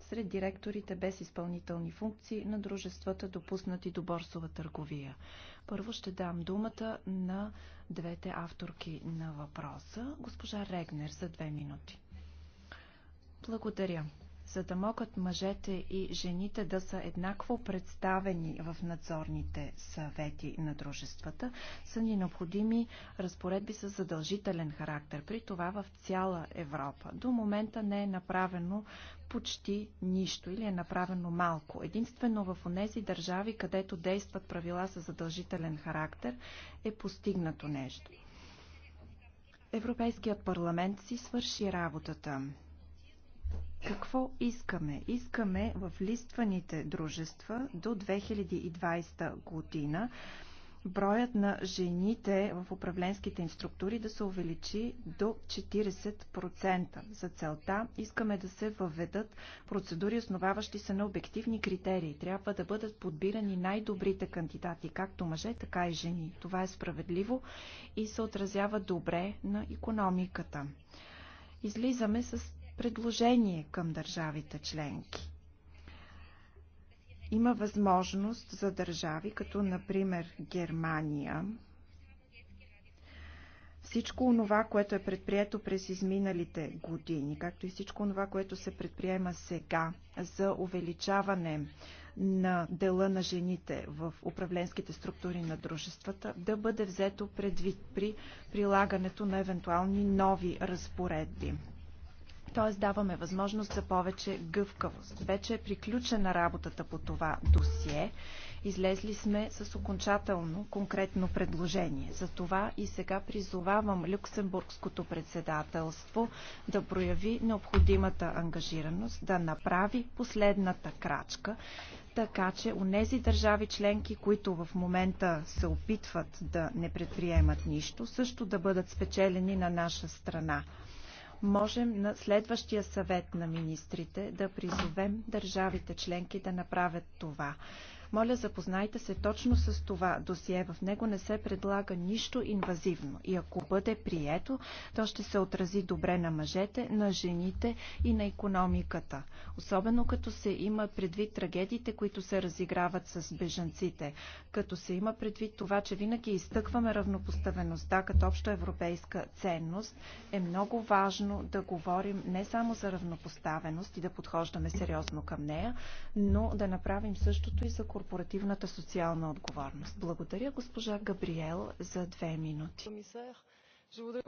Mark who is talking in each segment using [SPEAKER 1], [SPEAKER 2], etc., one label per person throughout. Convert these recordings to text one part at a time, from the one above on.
[SPEAKER 1] сред директорите без изпълнителни функции на дружествата, допуснати до борсова търговия. Първо ще дам думата на двете авторки на въпроса. Госпожа Регнер за две минути. Благодаря. За да могат мъжете и жените да са еднакво представени в надзорните съвети на дружествата, са ни необходими разпоредби с задължителен характер, при това в цяла Европа. До момента не е направено почти нищо или е направено малко. Единствено в онези държави, където действат правила с задължителен характер, е постигнато нещо. Европейският парламент си свърши работата. Какво искаме? Искаме в листваните дружества до 2020 година броят на жените в управленските инструктури да се увеличи до 40%. За целта искаме да се въведат процедури, основаващи се на обективни критерии. Трябва да бъдат подбирани най-добрите кандидати, както мъже, така и жени. Това е справедливо и се отразява добре на економиката. Излизаме с предложение към държавите членки. Има възможност за държави, като например Германия, всичко онова, което е предприето през изминалите години, както и всичко онова, което се предприема сега за увеличаване на дела на жените в управленските структури на дружествата, да бъде взето предвид при прилагането на евентуални нови разпоредби т.е. даваме възможност за повече гъвкавост. Вече е приключена работата по това досие. Излезли сме с окончателно конкретно предложение. За това и сега призовавам Люксембургското председателство да прояви необходимата ангажираност, да направи последната крачка, така че у нези държави членки, които в момента се опитват да не предприемат нищо, също да бъдат спечелени на наша страна можем на следващия съвет на министрите да призовем държавите членки да направят това. Моля, запознайте се точно с това досие. В него не се предлага нищо инвазивно и ако бъде прието, то ще се отрази добре на мъжете, на жените и на економиката. Особено като се има предвид трагедиите, които се разиграват с бежанците. Като се има предвид това, че винаги изтъкваме равнопоставеността като общо европейска ценност, е много важно да говорим не само за равнопоставеност и да подхождаме сериозно към нея, но да направим същото и за корупцията корпоративната социална отговорност. Благодаря госпожа Габриел за две минути.
[SPEAKER 2] Комисар.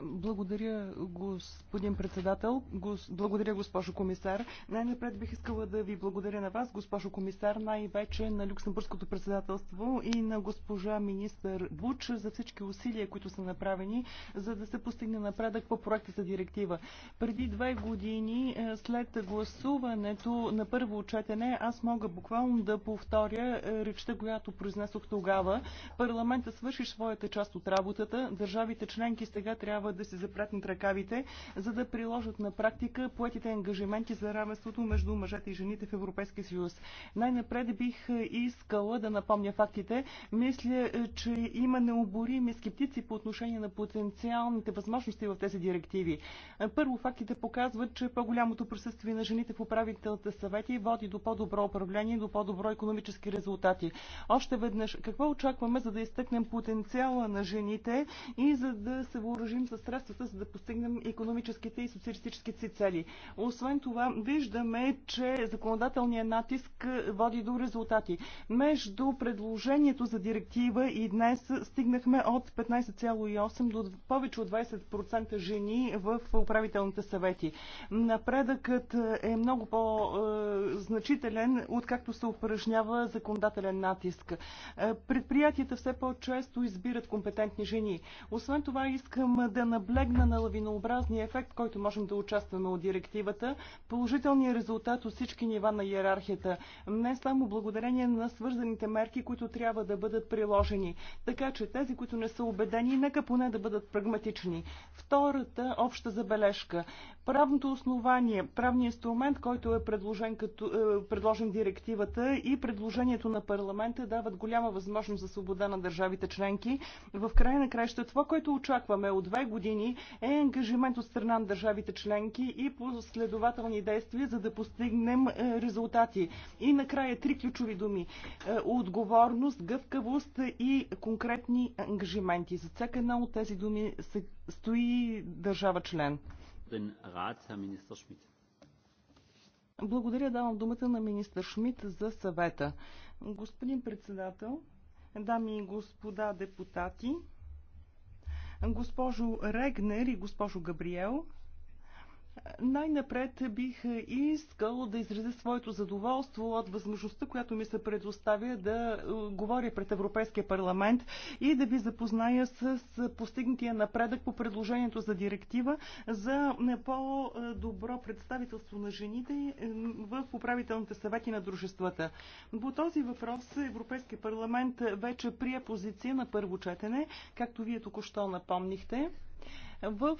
[SPEAKER 2] Благодаря, господин председател. Благодаря, госпожо комисар. Най-напред бих искала да ви благодаря на вас, госпожо комисар, най-вече на Люксембургското председателство и на госпожа министър Буч за всички усилия, които са направени, за да се постигне напредък по проекта за директива. Преди две години, е, след гласуването на първо отчетене, аз мога буквално да повторя е, речта, която произнесох тогава. Парламентът свърши своята част от работата, държавите членки сега трябва да се запретнат ръкавите, за да приложат на практика поетите ангажименти за равенството между мъжете и жените в Европейския съюз. Най-напред бих искала да напомня фактите. Мисля, че има необорими скептици по отношение на потенциалните възможности в тези директиви. Първо, фактите показват, че по-голямото присъствие на жените в управителните съвети води до по-добро управление, до по-добро економически резултати. Още веднъж, какво очакваме, за да изтъкнем потенциала на жените и за да се въоръжим разположим със средствата, за да постигнем економическите и социалистическите си цели. Освен това, виждаме, че законодателният натиск води до резултати. Между предложението за директива и днес стигнахме от 15,8 до повече от 20% жени в управителните съвети. Напредъкът е много по-значителен, откакто се упражнява законодателен натиск. Предприятията все по-често избират компетентни жени. Освен това искам Искам да наблегна на лавинообразния ефект, който можем да участваме от директивата. Положителният резултат от всички нива на иерархията. Не само благодарение на свързаните мерки, които трябва да бъдат приложени. Така че тези, които не са убедени, нека поне да бъдат прагматични. Втората обща забележка. Правното основание, правният инструмент, който е предложен, като, е, предложен директивата и предложението на парламента дават голяма възможност за свобода на държавите членки. В края на ще това, което очакваме от две години е ангажимент от страна на държавите членки и последователни действия, за да постигнем е, резултати. И накрая три ключови думи. Е, отговорност, гъвкавост и конкретни ангажименти. За всяка една от тези думи се стои държава член. Благодаря, давам думата на министър Шмидт за съвета. Господин председател, дами и господа депутати, Госпожо Регнер и госпожо Габриел, най-напред бих искал да изразя своето задоволство от възможността, която ми се предоставя да е, говоря пред Европейския парламент и да ви запозная с постигнатия напредък по предложението за директива за по-добро представителство на жените е, в управителните съвети на дружествата. По този въпрос Европейския парламент вече прие позиция на първо четене, както вие току-що напомнихте. В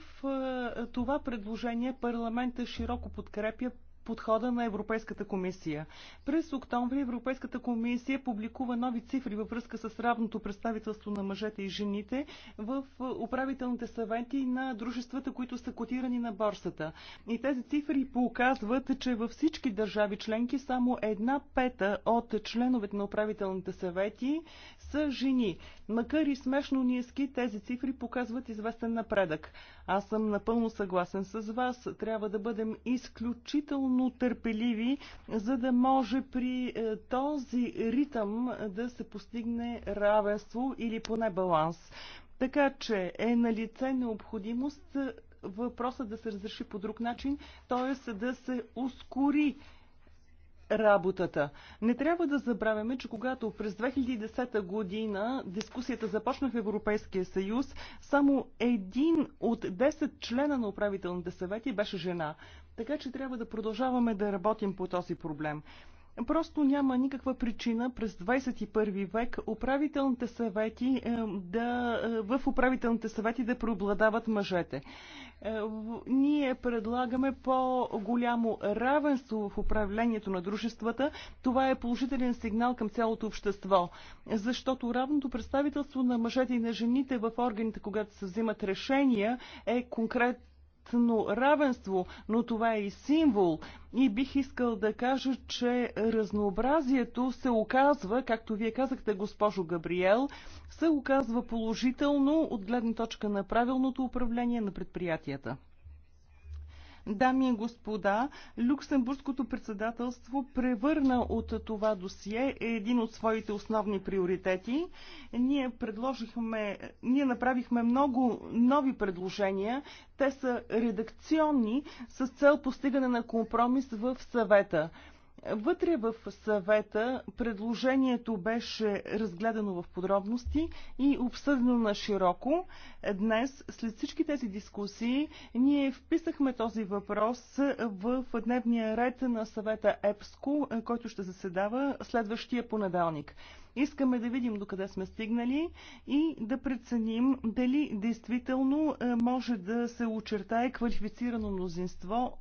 [SPEAKER 2] е, това предложение парламента широко подкрепя подхода на Европейската комисия. През октомври Европейската комисия публикува нови цифри във връзка с равното представителство на мъжете и жените в управителните съвети на дружествата, които са котирани на борсата. И тези цифри показват, че във всички държави членки само една пета от членовете на управителните съвети са жени. Макар и смешно ниски, тези цифри показват известен напредък. Аз съм напълно съгласен с вас. Трябва да бъдем изключително максимално търпеливи, за да може при е, този ритъм да се постигне равенство или поне баланс. Така че е на лице необходимост е, въпросът да се разреши по друг начин, т.е. да се ускори работата. Не трябва да забравяме, че когато през 2010 година дискусията започна в Европейския съюз, само един от 10 члена на управителните съвети беше жена. Така че трябва да продължаваме да работим по този проблем. Просто няма никаква причина през 21 век управителните съвети е, да, е, в управителните съвети да преобладават мъжете. Е, ние предлагаме по-голямо равенство в управлението на дружествата. Това е положителен сигнал към цялото общество, защото равното представителство на мъжете и на жените в органите, когато се взимат решения, е конкретно но равенство, но това е и символ. И бих искал да кажа, че разнообразието се оказва, както вие казахте, госпожо Габриел, се оказва положително от гледна точка на правилното управление на предприятията. Дами и господа, Люксембургското председателство превърна от това досие един от своите основни приоритети. Ние предложихме, ние направихме много нови предложения. Те са редакционни с цел постигане на компромис в съвета. Вътре в съвета предложението беше разгледано в подробности и обсъдено на широко. Днес, след всички тези дискусии, ние вписахме този въпрос в дневния ред на съвета ЕПСКО, който ще заседава следващия понеделник. Искаме да видим докъде сме стигнали и да преценим дали действително е, може да се очертае квалифицирано мнозинство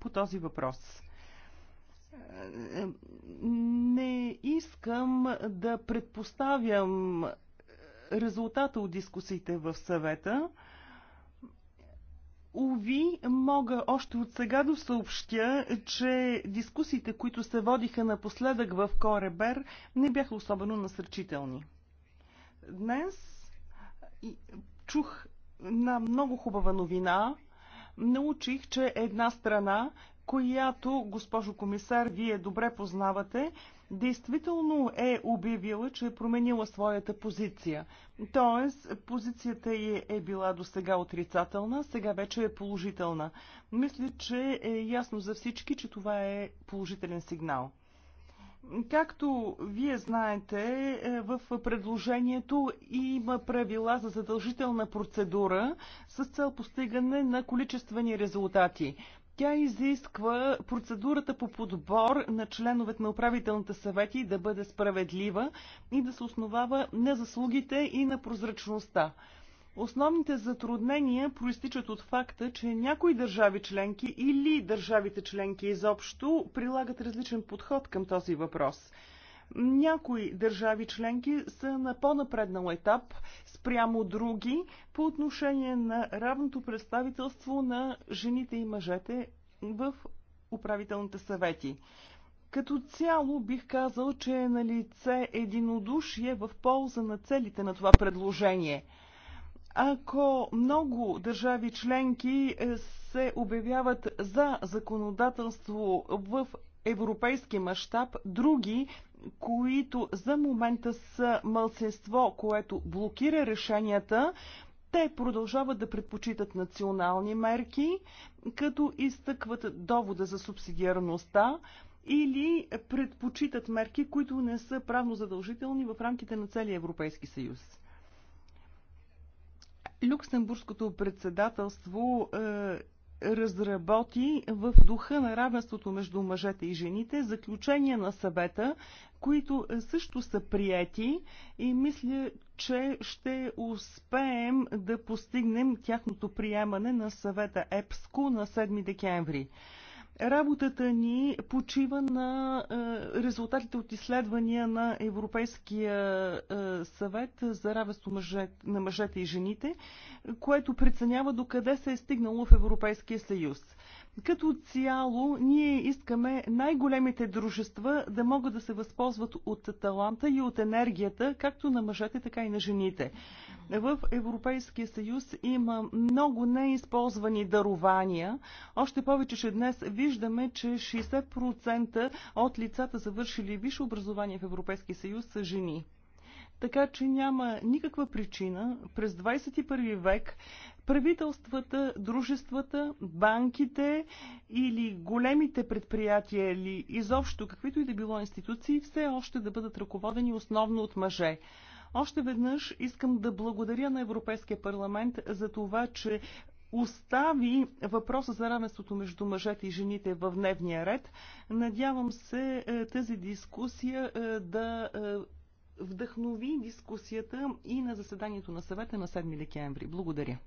[SPEAKER 2] по този въпрос. Не искам да предпоставям резултата от дискусиите в съвета. Уви, мога още от сега да съобщя, че дискусиите, които се водиха напоследък в Коребер, не бяха особено насърчителни. Днес чух на много хубава новина. Научих, че една страна, която, госпожо комисар, вие добре познавате, действително е обявила, че е променила своята позиция. Тоест, позицията й е била до сега отрицателна, сега вече е положителна. Мисля, че е ясно за всички, че това е положителен сигнал. Както вие знаете, е, в предложението има правила за задължителна процедура с цел постигане на количествени резултати. Тя изисква процедурата по подбор на членовете на управителните съвети да бъде справедлива и да се основава на заслугите и на прозрачността. Основните затруднения проистичат от факта, че някои държави членки или държавите членки изобщо прилагат различен подход към този въпрос – някои държави членки са на по-напреднал етап спрямо други по отношение на равното представителство на жените и мъжете в управителните съвети. Като цяло бих казал, че е на лице единодушие в полза на целите на това предложение. Ако много държави членки е, се обявяват за законодателство в европейски мащаб, други които за момента са мълцинство, което блокира решенията, те продължават да предпочитат национални мерки, като изтъкват довода за субсидиарността или предпочитат мерки, които не са правно задължителни в рамките на целия Европейски съюз. Люксембургското председателство е, разработи в духа на равенството между мъжете и жените заключения на съвета, които също са прияти, и мисля, че ще успеем да постигнем тяхното приемане на съвета ЕПСКО на 7 декември. Работата ни почива на е, резултатите от изследвания на Европейския е, съвет за равенство на мъжете и жените, което преценява докъде се е стигнало в Европейския съюз. Като цяло, ние искаме най-големите дружества да могат да се възползват от таланта и от енергията, както на мъжете, така и на жените. В Европейския съюз има много неизползвани дарования. Още повече, че днес виждаме, че 60% от лицата, завършили висше образование в Европейския съюз, са жени. Така че няма никаква причина през 21 век правителствата, дружествата, банките или големите предприятия или изобщо каквито и да било институции все още да бъдат ръководени основно от мъже. Още веднъж искам да благодаря на Европейския парламент за това, че остави въпроса за равенството между мъжете и жените в дневния ред. Надявам се е, тази дискусия е, да е, вдъхнови дискусията и на заседанието на съвета на 7 декември. Благодаря.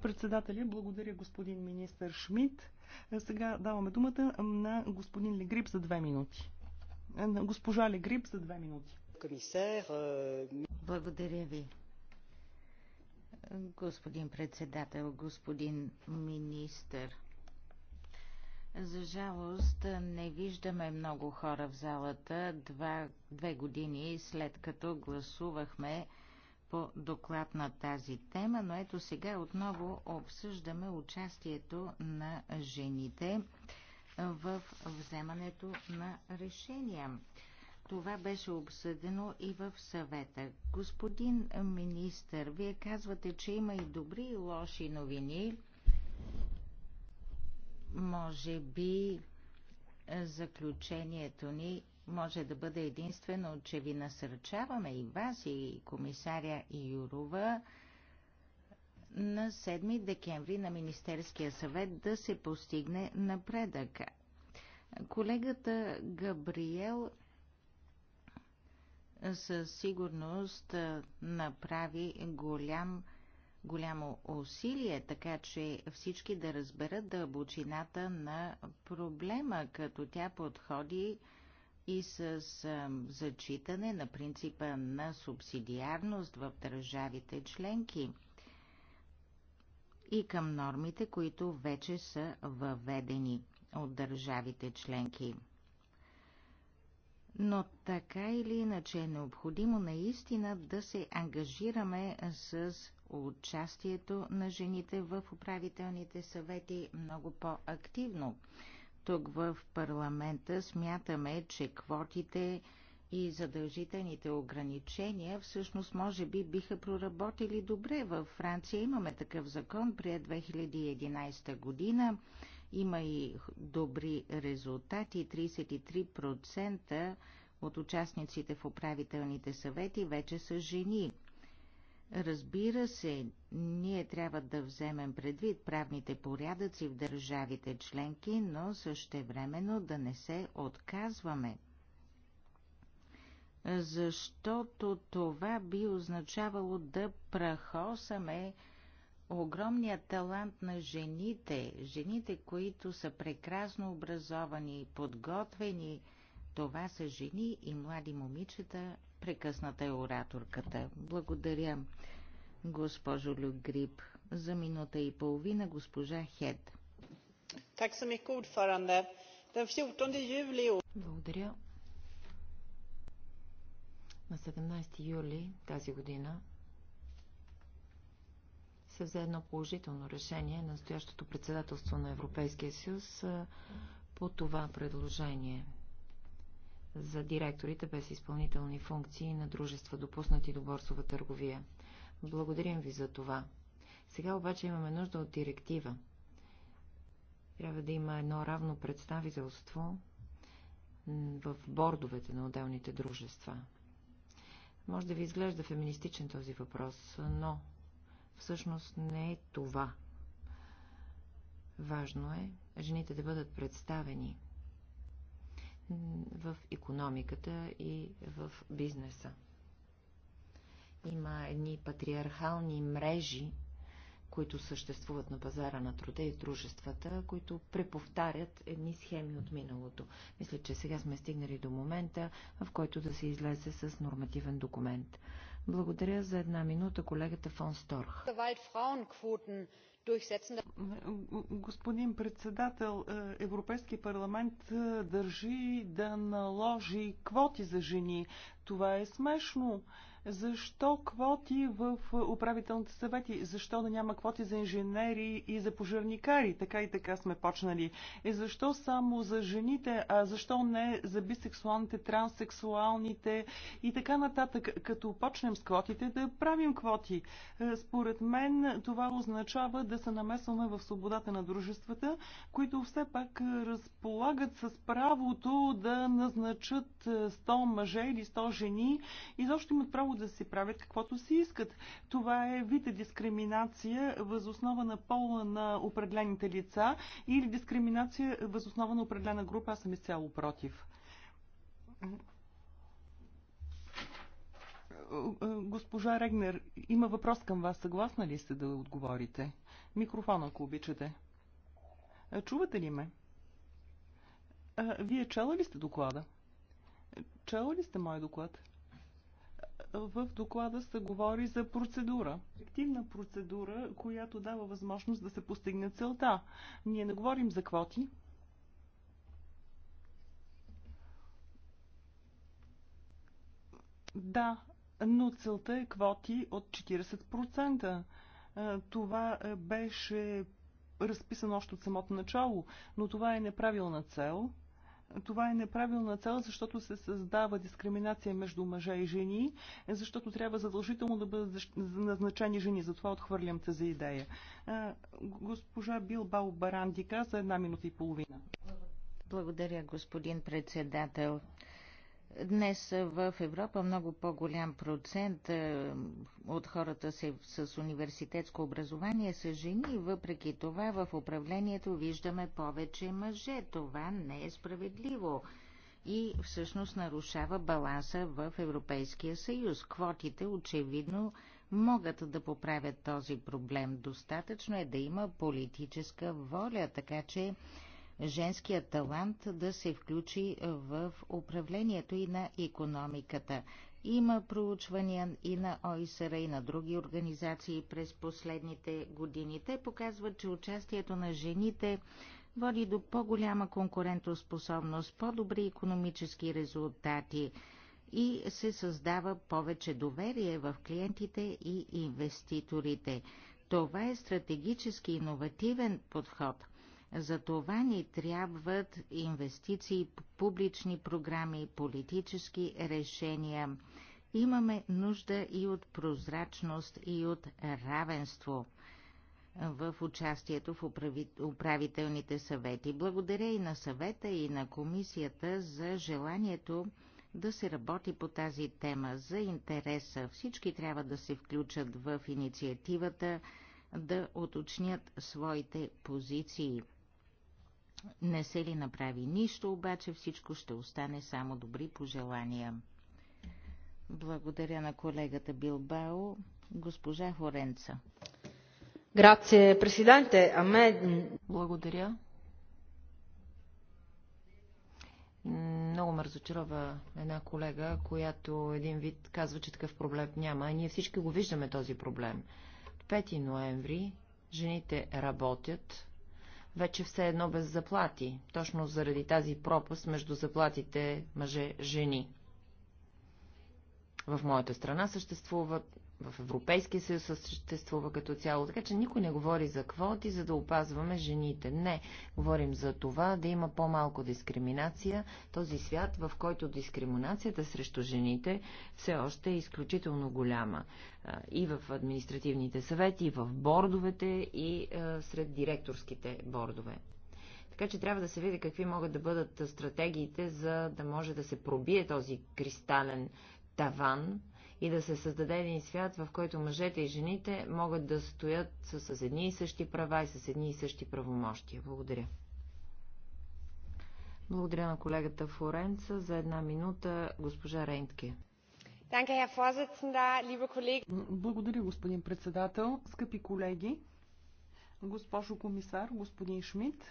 [SPEAKER 2] Председателя, благодаря господин министър Шмидт. Сега даваме думата на господин Легрип за две минути.
[SPEAKER 3] На госпожа Легрип за две минути. Е, благодаря ви. Господин председател, господин министър. За жалост не виждаме много хора в залата два, две години след като гласувахме по доклад на тази тема, но ето сега отново обсъждаме участието на жените в вземането на решения. Това беше обсъдено и в съвета. Господин министър, вие казвате, че има и добри и лоши новини – може би е, заключението ни може да бъде единствено, че ви насърчаваме и вас, и комисаря Юрова на 7 декември на Министерския съвет да се постигне напредък. Колегата Габриел със сигурност е, направи голям голямо усилие, така че всички да разберат дълбочината на проблема, като тя подходи и с зачитане на принципа на субсидиарност в държавите членки и към нормите, които вече са въведени от държавите членки но така или иначе е необходимо наистина да се ангажираме с участието на жените в управителните съвети много по-активно. Тук в парламента смятаме, че квотите и задължителните ограничения всъщност може би биха проработили добре. Във Франция имаме такъв закон пред 2011 година. Има и добри резултати. 33% от участниците в управителните съвети вече са жени. Разбира се, ние трябва да вземем предвид правните порядъци в държавите членки, но същевременно да не се отказваме. Защото това би означавало да прахосаме огромният талант на жените, жените, които са прекрасно образовани, подготвени, това са жени и млади момичета, прекъсната е ораторката. Благодаря, госпожо Люгрип. За минута и половина госпожа Хед. Благодаря.
[SPEAKER 4] На 17 юли тази година се взе едно положително решение на настоящото председателство на Европейския съюз по това предложение за директорите без изпълнителни функции на дружества, допуснати до борсова търговия. Благодарим ви за това. Сега обаче имаме нужда от директива. Трябва да има едно равно представителство в бордовете на отделните дружества. Може да ви изглежда феминистичен този въпрос, но всъщност не е това. Важно е жените да бъдат представени в економиката и в бизнеса. Има едни патриархални мрежи, които съществуват на пазара на труда и дружествата, които преповтарят едни схеми от миналото. Мисля, че сега сме стигнали до момента, в който да се излезе с нормативен документ. Благодаря за една минута колегата Фон Сторх.
[SPEAKER 1] Господин
[SPEAKER 2] председател, е, Европейски парламент е, държи да наложи квоти за жени. Това е смешно. Защо квоти в управителните съвети? Защо да няма квоти за инженери и за пожарникари? Така и така сме почнали. И е, защо само за жените, а защо не за бисексуалните, транссексуалните и така нататък? Като почнем с квотите, да правим квоти. Е, според мен това означава да се намесваме в свободата на дружествата, които все пак разполагат с правото да назначат 100 мъже или 100 жени и защо имат право право да си правят каквото си искат. Това е вид дискриминация въз основа на пола на определените лица или дискриминация въз основа на определена група. Аз съм изцяло против. Госпожа Регнер, има въпрос към вас. Съгласна ли сте да отговорите? Микрофон, ако обичате. Чувате ли ме? Вие чела ли сте доклада? Чела ли сте мой доклад? в доклада се говори за процедура. Ефективна процедура, която дава възможност да се постигне целта. Ние не говорим за квоти. Да, но целта е квоти от 40%. Е, това е, беше разписано още от самото начало, но това е неправилна цел – това е неправилна цел, защото се създава дискриминация между мъже и жени, защото трябва задължително да бъдат назначени жени. Затова отхвърлям тази идея. Госпожа Билбао Барандика
[SPEAKER 3] за една минута и половина. Благодаря, господин председател. Днес в Европа много по-голям процент е, от хората с, с университетско образование са жени и въпреки това в управлението виждаме повече мъже. Това не е справедливо и всъщност нарушава баланса в Европейския съюз. Квотите очевидно могат да поправят този проблем. Достатъчно е да има политическа воля, така че Женският талант да се включи в управлението и на економиката. Има проучвания и на ОИСР, и на други организации през последните години. Те показват, че участието на жените води до по-голяма конкурентоспособност, по-добри економически резултати и се създава повече доверие в клиентите и инвеститорите. Това е стратегически иновативен подход, за това ни трябват инвестиции, публични програми, политически решения. Имаме нужда и от прозрачност, и от равенство в участието в управителните съвети. Благодаря и на съвета, и на комисията за желанието да се работи по тази тема, за интереса. Всички трябва да се включат в инициативата, да уточнят своите позиции. Не се ли направи нищо, обаче всичко ще остане само добри пожелания. Благодаря на колегата Билбао, госпожа Хоренца.
[SPEAKER 4] Грация, президенте. ме... Благодаря. Много ме
[SPEAKER 3] разочарова
[SPEAKER 4] една колега, която един вид казва, че такъв проблем няма. А ние всички го виждаме този проблем. 5 ноември жените работят, вече все едно без заплати, точно заради тази пропаст между заплатите мъже-жени. В моята страна съществуват в Европейския съюз съществува като цяло. Така че никой не говори за квоти, за да опазваме жените. Не. Говорим за това да има по-малко дискриминация. Този свят, в който дискриминацията срещу жените все още е изключително голяма. И в административните съвети, и в бордовете, и сред директорските бордове. Така че трябва да се види какви могат да бъдат стратегиите, за да може да се пробие този кристален таван и да се създаде един свят, в който мъжете и жените могат да стоят с, с едни и същи права и с едни и същи правомощия. Благодаря. Благодаря на колегата Флоренца За една минута
[SPEAKER 2] госпожа Рейнтке. Благодаря, господин председател, скъпи колеги, госпожо комисар, господин Шмидт.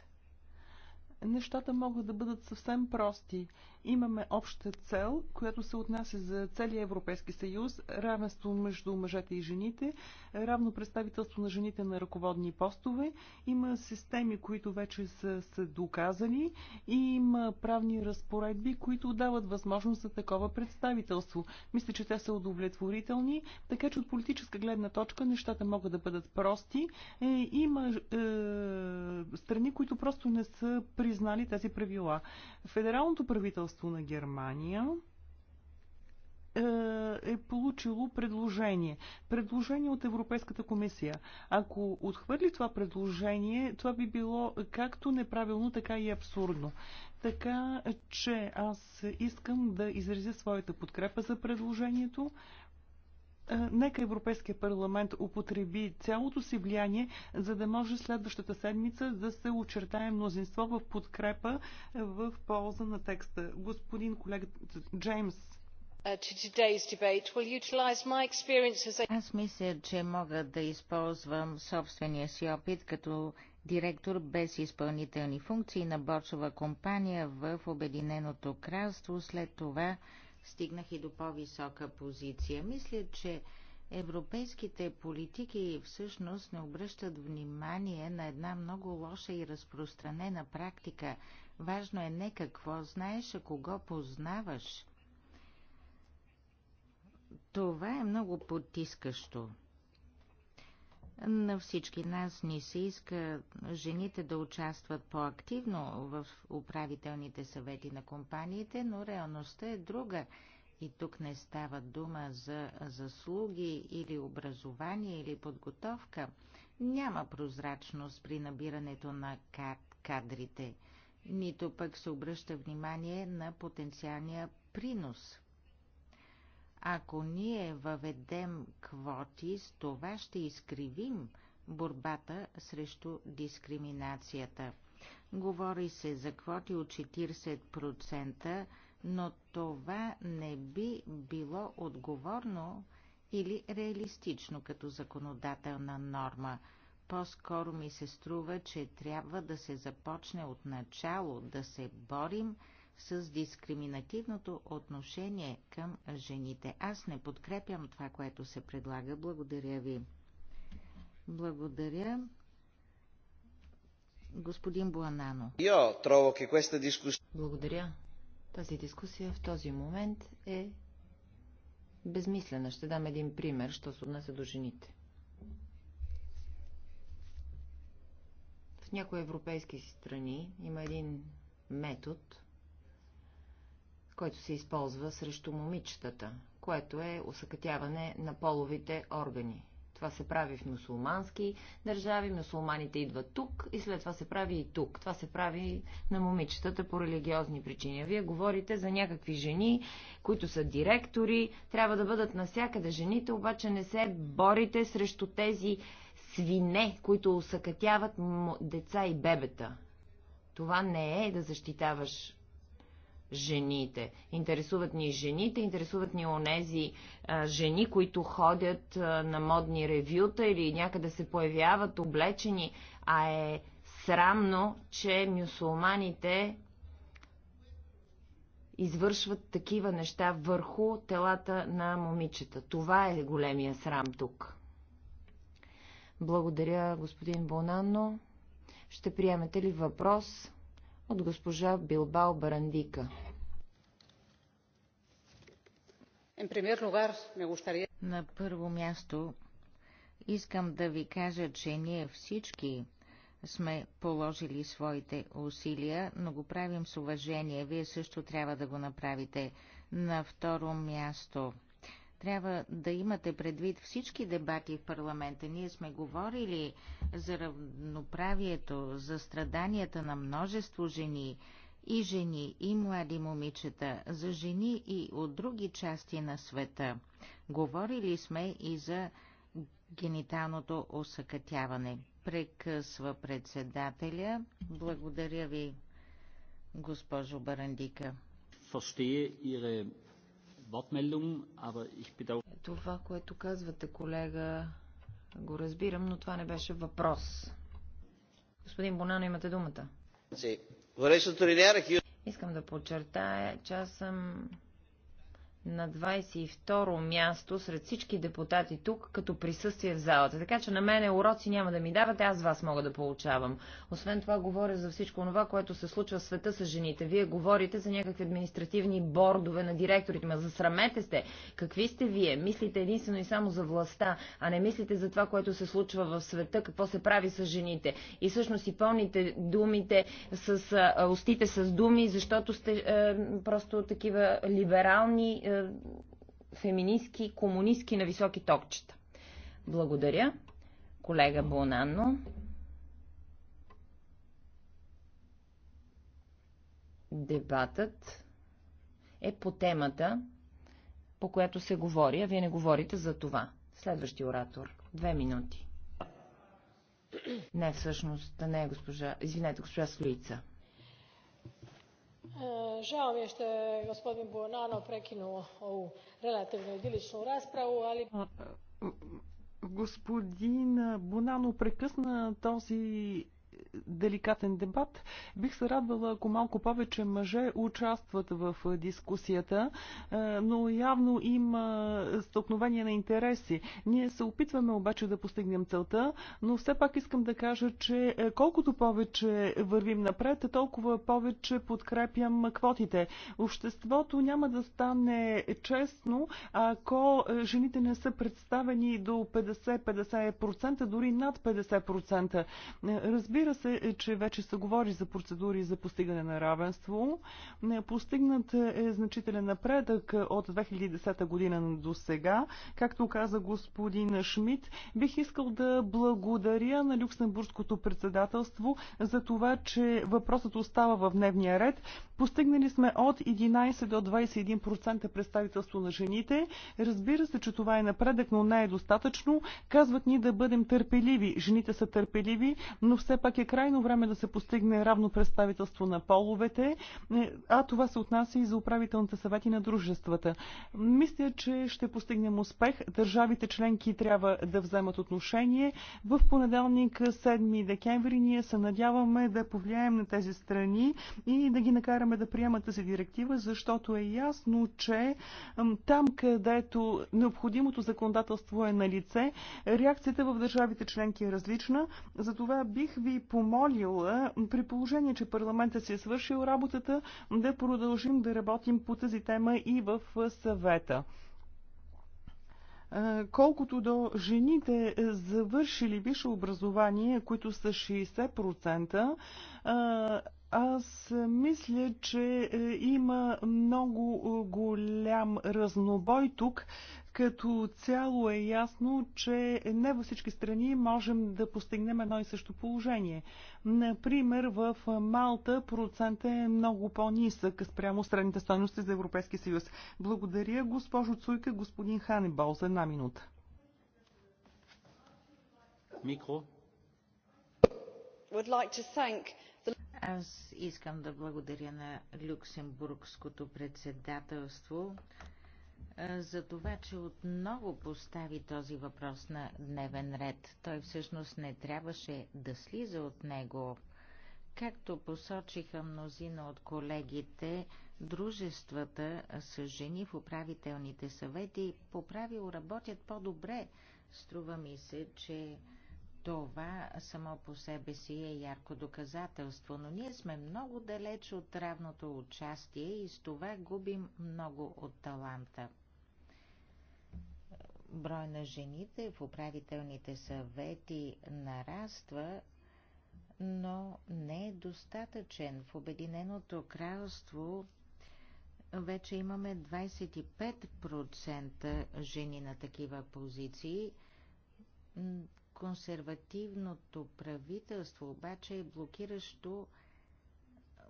[SPEAKER 2] Нещата могат да бъдат съвсем прости. Имаме обща цел, която се отнася за целия Европейски съюз, равенство между мъжете и жените, равно представителство на жените на ръководни постове. Има системи, които вече са са доказани и има правни разпоредби, които дават възможност за такова представителство. Мисля, че те са удовлетворителни, така че от политическа гледна точка нещата могат да бъдат прости. Е, има е, страни, които просто не са признали тези правила. Федералното правителство правителство на Германия е, е получило предложение. Предложение от Европейската комисия. Ако отхвърли това предложение, това би било както неправилно, така и абсурдно. Така че аз искам да изразя своята подкрепа за предложението, е, нека Европейския парламент употреби цялото си влияние, за да може следващата седмица да се очертае мнозинство в подкрепа е, в полза на текста. Господин колега
[SPEAKER 3] Джеймс. Uh, Аз мисля, че мога да използвам собствения си опит като директор без изпълнителни функции на борсова компания в Обединеното кралство, след това стигнах и до по-висока позиция. Мисля, че европейските политики всъщност не обръщат внимание на една много лоша и разпространена практика. Важно е не какво знаеш, а кого познаваш. Това е много потискащо. На всички нас ни се иска жените да участват по-активно в управителните съвети на компаниите, но реалността е друга. И тук не става дума за заслуги или образование или подготовка. Няма прозрачност при набирането на кадрите, нито пък се обръща внимание на потенциалния принос ако ние въведем квоти, с това ще изкривим борбата срещу дискриминацията. Говори се за квоти от 40%, но това не би било отговорно или реалистично като законодателна норма. По-скоро ми се струва, че трябва да се започне от начало да се борим – с дискриминативното отношение към жените. Аз не подкрепям това, което се предлага. Благодаря ви. Благодаря. Господин Буанано. Благодаря. Тази дискусия в този
[SPEAKER 4] момент е безмислена. Ще дам един пример, що се отнася до жените. В някои европейски страни има един метод – който се използва срещу момичетата, което е усъкътяване на половите органи. Това се прави в мусулмански държави, мусулманите идват тук и след това се прави и тук. Това се прави на момичетата по религиозни причини. Вие говорите за някакви жени, които са директори, трябва да бъдат навсякъде. Жените обаче не се борите срещу тези свине, които усъкътяват деца и бебета. Това не е да защитаваш жените. Интересуват ни жените, интересуват ни онези а, жени, които ходят а, на модни ревюта или някъде се появяват облечени, а е срамно, че мюсулманите извършват такива неща върху телата на момичета. Това е големия срам тук. Благодаря, господин Бонанно. Ще приемете ли въпрос? от госпожа Билбао Барандика.
[SPEAKER 3] На първо място искам да ви кажа, че ние всички сме положили своите усилия, но го правим с уважение. Вие също трябва да го направите. На второ място – трябва да имате предвид всички дебати в парламента. Ние сме говорили за равноправието, за страданията на множество жени, и жени, и млади момичета, за жени и от други части на света. Говорили сме и за гениталното осъкътяване. Прекъсва председателя. Благодаря ви, госпожо Барандика.
[SPEAKER 2] Verstehe Ihre
[SPEAKER 3] това, което казвате, колега,
[SPEAKER 4] го разбирам, но това не беше въпрос. Господин Бонано, имате думата. Искам да подчертая, че аз съм на 22-ро място сред всички депутати тук, като присъствие в залата. Така че на мене уроци няма да ми давате, аз вас мога да получавам. Освен това, говоря за всичко това, което се случва в света с жените. Вие говорите за някакви административни бордове на директорите. Ма засрамете сте! Какви сте вие? Мислите единствено и само за властта, а не мислите за това, което се случва в света, какво се прави с жените. И всъщност си пълните думите с устите с думи, защото сте е, просто такива либерални е, феминистки, комунистки на високи токчета. Благодаря, колега Бонанно. Дебатът е по темата, по която се говори, а вие не говорите за това. Следващи оратор. Две минути. Не, всъщност, не е госпожа... Извинете, госпожа Слуица
[SPEAKER 3] žao mi je što je gospodin buonanno prekinuo ovu relativno idiličnu raspravu ali
[SPEAKER 2] Господин Бонано прекъсна този деликатен дебат. Бих се радвала, ако малко повече мъже участват в дискусията, но явно има стълкновение на интереси. Ние се опитваме обаче да постигнем целта, но все пак искам да кажа, че колкото повече вървим напред, толкова повече подкрепям квотите. Обществото няма да стане честно, ако жените не са представени до 50-50%, дори над 50%. Разбира се, че вече се говори за процедури за постигане на равенство. Постигнат е значителен напредък от 2010 година до сега. Както каза господин Шмидт, бих искал да благодаря на Люксембургското председателство за това, че въпросът остава в дневния ред. Постигнали сме от 11 до 21% представителство на жените. Разбира се, че това е напредък, но не е достатъчно. Казват ни да бъдем търпеливи. Жените са търпеливи, но все пак е крайно време да се постигне равно представителство на половете, е, а това се отнася и за управителните съвети на дружествата. Мисля, че ще постигнем успех. Държавите членки трябва да вземат отношение. В понеделник, 7 декември, ние се надяваме да повлияем на тези страни и да ги накараме да приемат тази директива, защото е ясно, че там, където необходимото законодателство е на лице, реакцията в държавите членки е различна. Затова бих ви помогнал помолила, при положение, че парламентът си е свършил работата, да продължим да работим по тази тема и в съвета. Колкото до жените е, завършили висше образование, които са 60%, аз мисля, че е, има много е, голям разнобой тук като цяло е ясно, че не във всички страни можем да постигнем едно и също положение. Например, в Малта процент е много по-нисък спрямо средните стойности за Европейски съюз. Благодаря госпожо Цуйка, господин Ханебал за една минута.
[SPEAKER 3] Микро. Аз искам да благодаря на Люксембургското председателство е, за това, че отново постави този въпрос на дневен ред. Той всъщност не трябваше да слиза от него. Както посочиха мнозина от колегите, дружествата с жени в управителните съвети по правило работят по-добре. Струва ми се, че това само по себе си е ярко доказателство, но ние сме много далеч от равното участие и с това губим много от таланта брой на жените в управителните съвети нараства, но не е достатъчен. В Обединеното кралство вече имаме 25% жени на такива позиции. Консервативното правителство обаче е блокиращо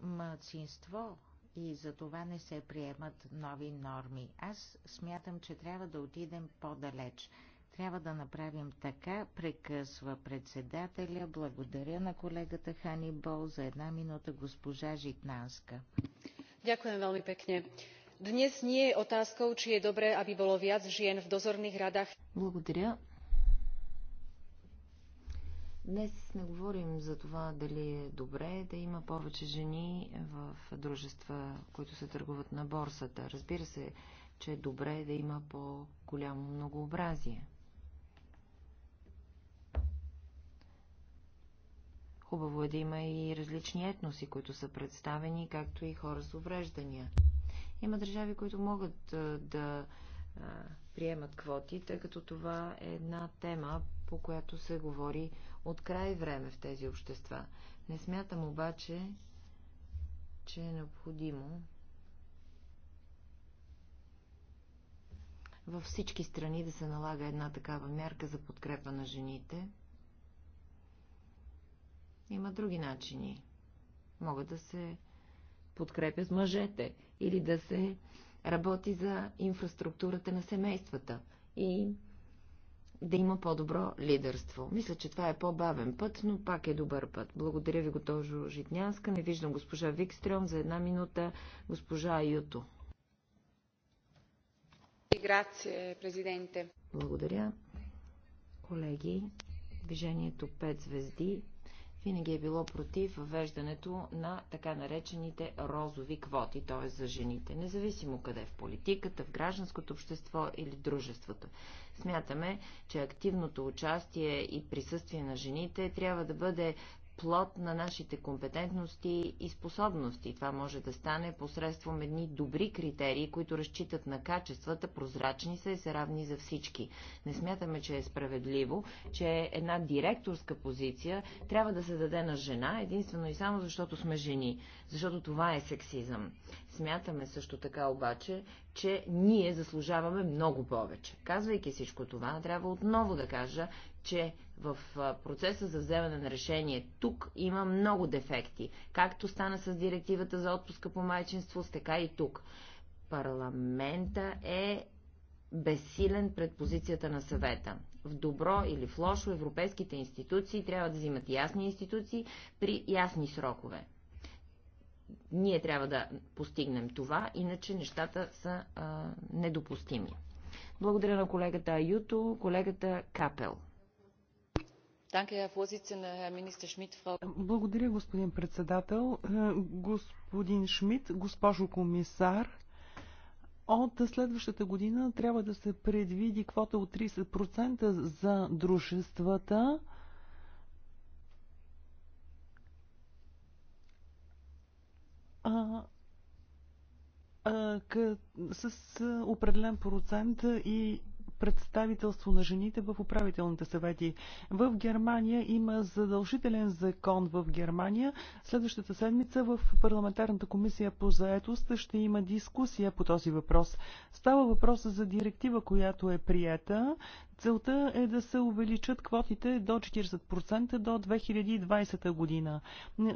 [SPEAKER 3] мълцинство и за това не се приемат нови норми. Аз смятам, че трябва да отидем по-далеч. Трябва да направим така, прекъсва председателя. Благодаря на колегата Хани Бол за една минута госпожа Житнанска.
[SPEAKER 1] Ďakujem veľmi pekne. Dnes nie je отаскал, че е добре, аби bolo вяз žien в dozorných радах.
[SPEAKER 3] Благодаря.
[SPEAKER 4] Днес не говорим за това дали е добре да има повече жени в дружества, които се търгуват на борсата. Разбира се, че е добре да има по-голямо многообразие. Хубаво е да има и различни етноси, които са представени, както и хора с увреждания. Има държави, които могат да приемат квоти, тъй като това е една тема, по която се говори от край време в тези общества. Не смятам обаче, че е необходимо във всички страни да се налага една такава мярка за подкрепа на жените. Има други начини. Могат да се подкрепят мъжете или да се работи за инфраструктурата на семействата. И да има по-добро лидерство. Мисля, че това е по-бавен път, но пак е добър път. Благодаря ви, готожо Житнянска. Не виждам госпожа Викстрем за една минута. Госпожа Юто.
[SPEAKER 1] Грация, президенте.
[SPEAKER 4] Благодаря. Колеги, движението 5 звезди винаги е било против въвеждането на така наречените розови квоти, т.е. за жените, независимо къде в политиката, в гражданското общество или в дружеството. Смятаме, че активното участие и присъствие на жените трябва да бъде плод на нашите компетентности и способности. Това може да стане посредством едни добри критерии, които разчитат на качествата, прозрачни са и са равни за всички. Не смятаме, че е справедливо, че една директорска позиция трябва да се даде на жена, единствено и само защото сме жени, защото това е сексизъм. Смятаме също така обаче, че ние заслужаваме много повече. Казвайки всичко това, трябва отново да кажа, че в процеса за вземане на решение. Тук има много дефекти. Както стана с директивата за отпуска по майчинство, така и тук. Парламента е безсилен пред позицията на съвета. В добро или в лошо европейските институции трябва да взимат ясни институции при ясни срокове. Ние трябва да постигнем това, иначе нещата са а, недопустими. Благодаря на колегата Аюто, колегата Капел.
[SPEAKER 2] Благодаря, господин председател. Е, господин Шмидт, госпожо комисар, от следващата година трябва да се предвиди квота от 30% за дружествата. А, а, къ, с определен процент и представителство на жените в управителните съвети. В Германия има задължителен закон в Германия. Следващата седмица в парламентарната комисия по заетост ще има дискусия по този въпрос. Става въпрос за директива, която е приета. Целта е да се увеличат квотите до 40% до 2020 година.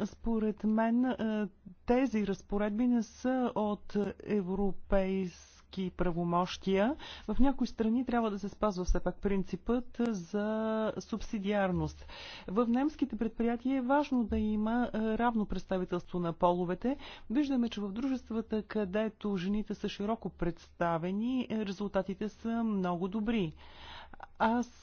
[SPEAKER 2] Според мен е, тези разпоредби не са от европейски всички правомощия. В някои страни трябва да се спазва все пак принципът за субсидиарност. В немските предприятия е важно да има е, равно представителство на половете. Виждаме, че в дружествата, където жените са широко представени, е, резултатите са много добри. Аз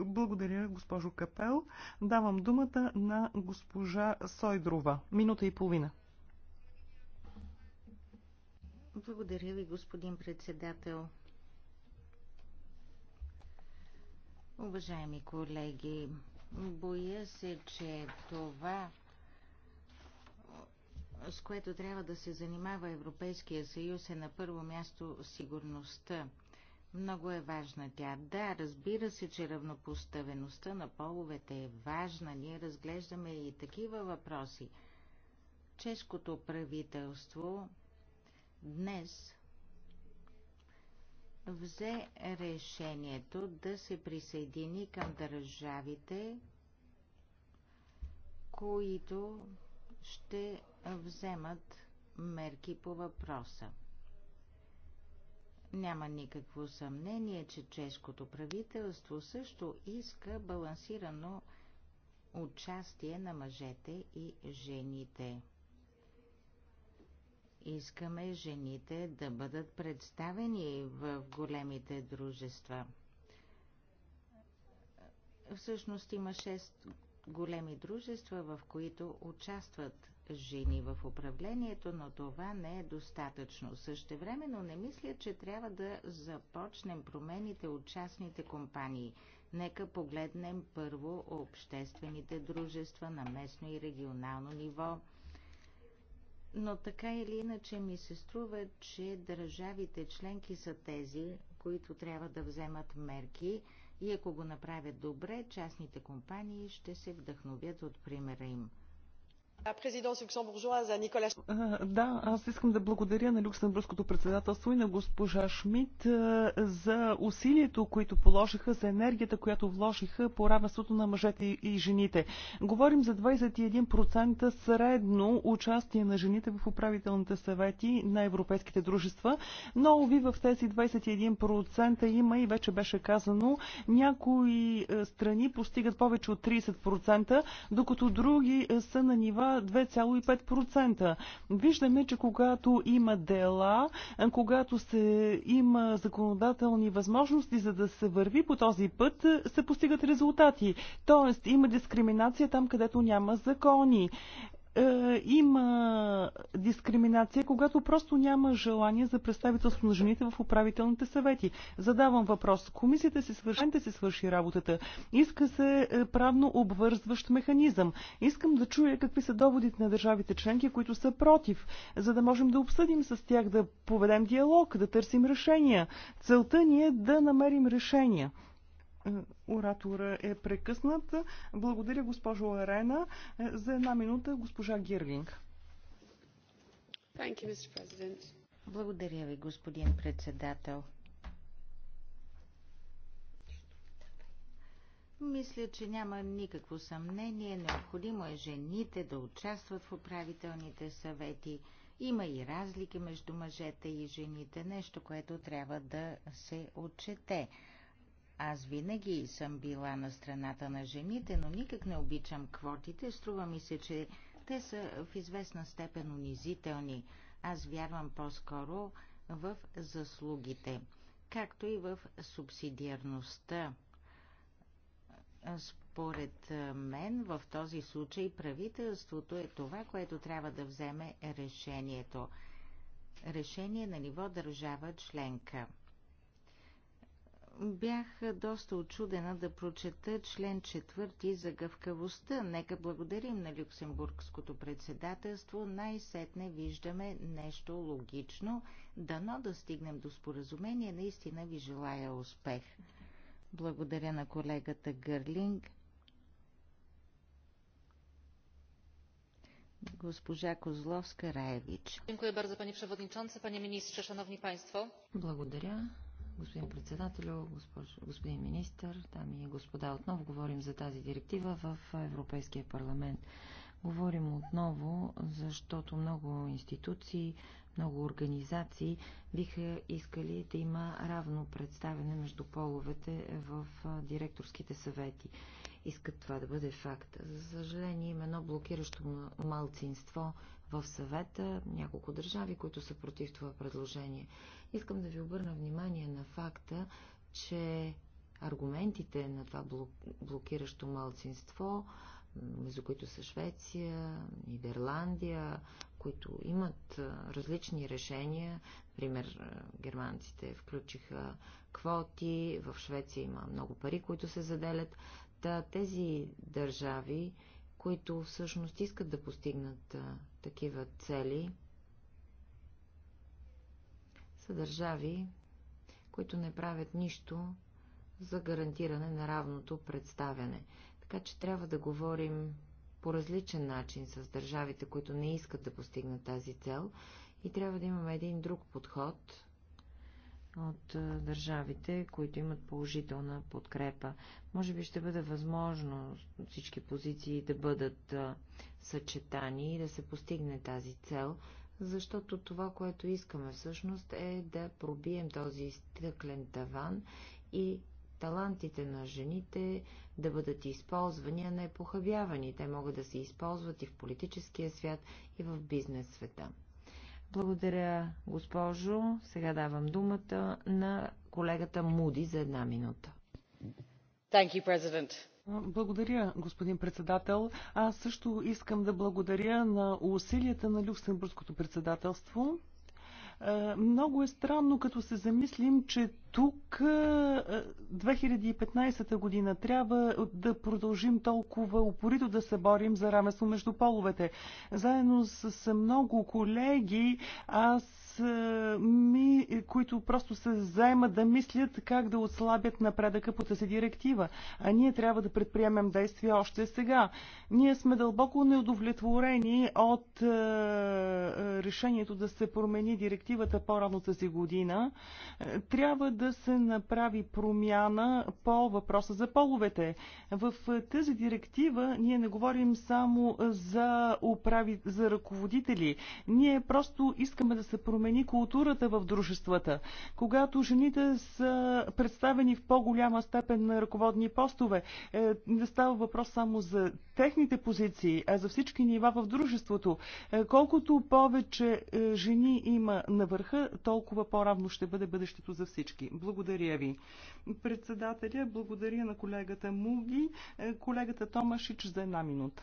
[SPEAKER 2] благодаря, госпожо Капел. Давам думата на госпожа Сойдрова. Минута и половина.
[SPEAKER 3] Благодаря ви, господин председател. Уважаеми колеги, боя се, че това, с което трябва да се занимава Европейския съюз, е на първо място сигурността. Много е важна тя. Да, разбира се, че равнопоставеността на половете е важна. Ние разглеждаме и такива въпроси. Чешкото правителство днес взе решението да се присъедини към държавите, които ще вземат мерки по въпроса. Няма никакво съмнение, че чешкото правителство също иска балансирано участие на мъжете и жените. Искаме жените да бъдат представени в големите дружества. Всъщност има шест големи дружества, в които участват жени в управлението, но това не е достатъчно. но не мисля, че трябва да започнем промените от частните компании. Нека погледнем първо обществените дружества на местно и регионално ниво – но така или иначе ми се струва, че държавите членки са тези, които трябва да вземат мерки и ако го направят добре, частните компании ще се вдъхновят от примера им.
[SPEAKER 1] Е,
[SPEAKER 2] да, аз искам да благодаря на Люксембургското председателство и на госпожа Шмидт е, за усилието, които положиха, за енергията, която вложиха по равенството на мъжете и жените. Говорим за 21% средно участие на жените в управителните съвети на европейските дружества, но ви в тези 21% има и вече беше казано, някои е, страни постигат повече от 30%, докато други са на нива 2,5%. Виждаме, че когато има дела, когато се има законодателни възможности за да се върви по този път, се постигат резултати. Тоест има дискриминация там, където няма закони е, има дискриминация, когато просто няма желание за представителство на жените в управителните съвети. Задавам въпрос. Комисията си свърши, си свърши работата. Иска се е, правно обвързващ механизъм. Искам да чуя какви са доводите на държавите членки, които са против, за да можем да обсъдим с тях, да поведем диалог, да търсим решения. Целта ни е да намерим решения. Оратора е прекъснат. Благодаря, госпожо Арена. За една минута
[SPEAKER 3] госпожа Гирлинг.
[SPEAKER 1] You,
[SPEAKER 3] Благодаря ви, господин председател. Мисля, че няма никакво съмнение. Необходимо е жените да участват в управителните съвети. Има и разлики между мъжете и жените, нещо, което трябва да се отчете. Аз винаги съм била на страната на жените, но никак не обичам квотите. Струва ми се, че те са в известна степен унизителни. Аз вярвам по-скоро в заслугите, както и в субсидиарността. Според мен в този случай правителството е това, което трябва да вземе решението. Решение на ниво държава членка. Бях доста очудена да прочета член четвърти за гъвкавостта. Нека благодарим на Люксембургското председателство. Най-сетне виждаме нещо логично. Дано да стигнем до споразумение. Наистина ви желая успех. Благодаря на колегата Гърлинг. госпожа Козловска-Раевич.
[SPEAKER 4] Благодаря, господин председател, господин министър, дами и господа. Отново говорим за тази директива в Европейския парламент. Говорим отново, защото много институции, много организации биха искали да има равно представяне между половете в директорските съвети искат това да бъде факт. За съжаление, има едно блокиращо малцинство в съвета, няколко държави, които са против това предложение. Искам да ви обърна внимание на факта, че аргументите на това блокиращо малцинство, между които са Швеция, Нидерландия, които имат различни решения. Например, германците включиха квоти, в Швеция има много пари, които се заделят Та тези държави, които всъщност искат да постигнат а, такива цели, са държави, които не правят нищо за гарантиране на равното представяне. Така че трябва да говорим по различен начин с държавите, които не искат да постигнат тази цел и трябва да имаме един друг подход, от е, държавите, които имат положителна подкрепа. Може би ще бъде възможно всички позиции да бъдат е, съчетани и да се постигне тази цел, защото това, което искаме всъщност е да пробием този стъклен таван и талантите на жените да бъдат използвани, а не похабявани. Те могат да се използват и в политическия свят, и в бизнес света. Благодаря, госпожо. Сега давам думата на колегата Муди за една минута.
[SPEAKER 3] Thank you, President.
[SPEAKER 2] Благодаря, господин председател. Аз също искам да благодаря на усилията на Люксембургското председателство. Е, много е странно, като се замислим, че тук 2015 година трябва да продължим толкова упорито да се борим за равенство между половете. Заедно с много колеги аз ми, които просто се заемат да мислят как да отслабят напредъка по тази директива. А ние трябва да предприемем действия още сега. Ние сме дълбоко неудовлетворени от решението да се промени директивата по-рано тази година. Трябва да се направи промяна по въпроса за половете. В тази директива ние не говорим само за, управи, за ръководители. Ние просто искаме да се промени културата в дружествата. Когато жените са представени в по-голяма степен на ръководни постове, е, не става въпрос само за техните позиции, а за всички нива в дружеството. Е, колкото повече е, жени има на върха, толкова по-равно ще бъде бъдещето за всички. Благодаря ви. Председателя, благодаря на колегата Муги, е, колегата Томашич за една минута.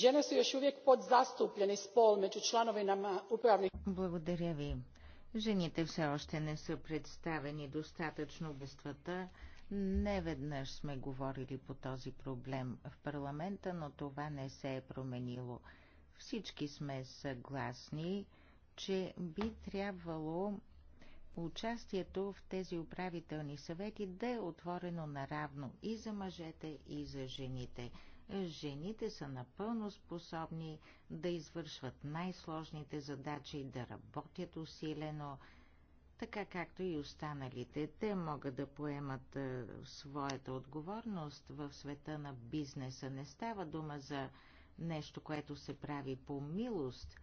[SPEAKER 1] Žene su još uvijek podzastupljeni spol među članovima upravnih... Благодаря ви.
[SPEAKER 3] Жените все още не са представени достатъчно в Неведнъж сме говорили по този проблем в парламента, но това не се е променило. Всички сме съгласни, че би трябвало участието в тези управителни съвети да е отворено наравно и за мъжете, и за жените. Жените са напълно способни да извършват най-сложните задачи, да работят усилено, така както и останалите. Те могат да поемат а, е, своята отговорност в света на бизнеса. Не става дума за нещо, което се прави по милост.